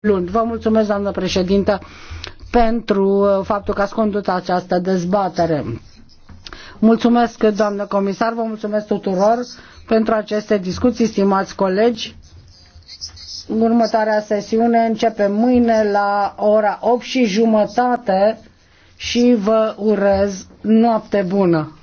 luni. Vă mulțumesc, doamnă președintă, pentru uh, faptul că ați condus această dezbatere. Mulțumesc, doamnă comisar, vă mulțumesc tuturor pentru aceste discuții, stimați colegi. Următoarea sesiune începe mâine la ora 8 și jumătate și vă urez noapte bună.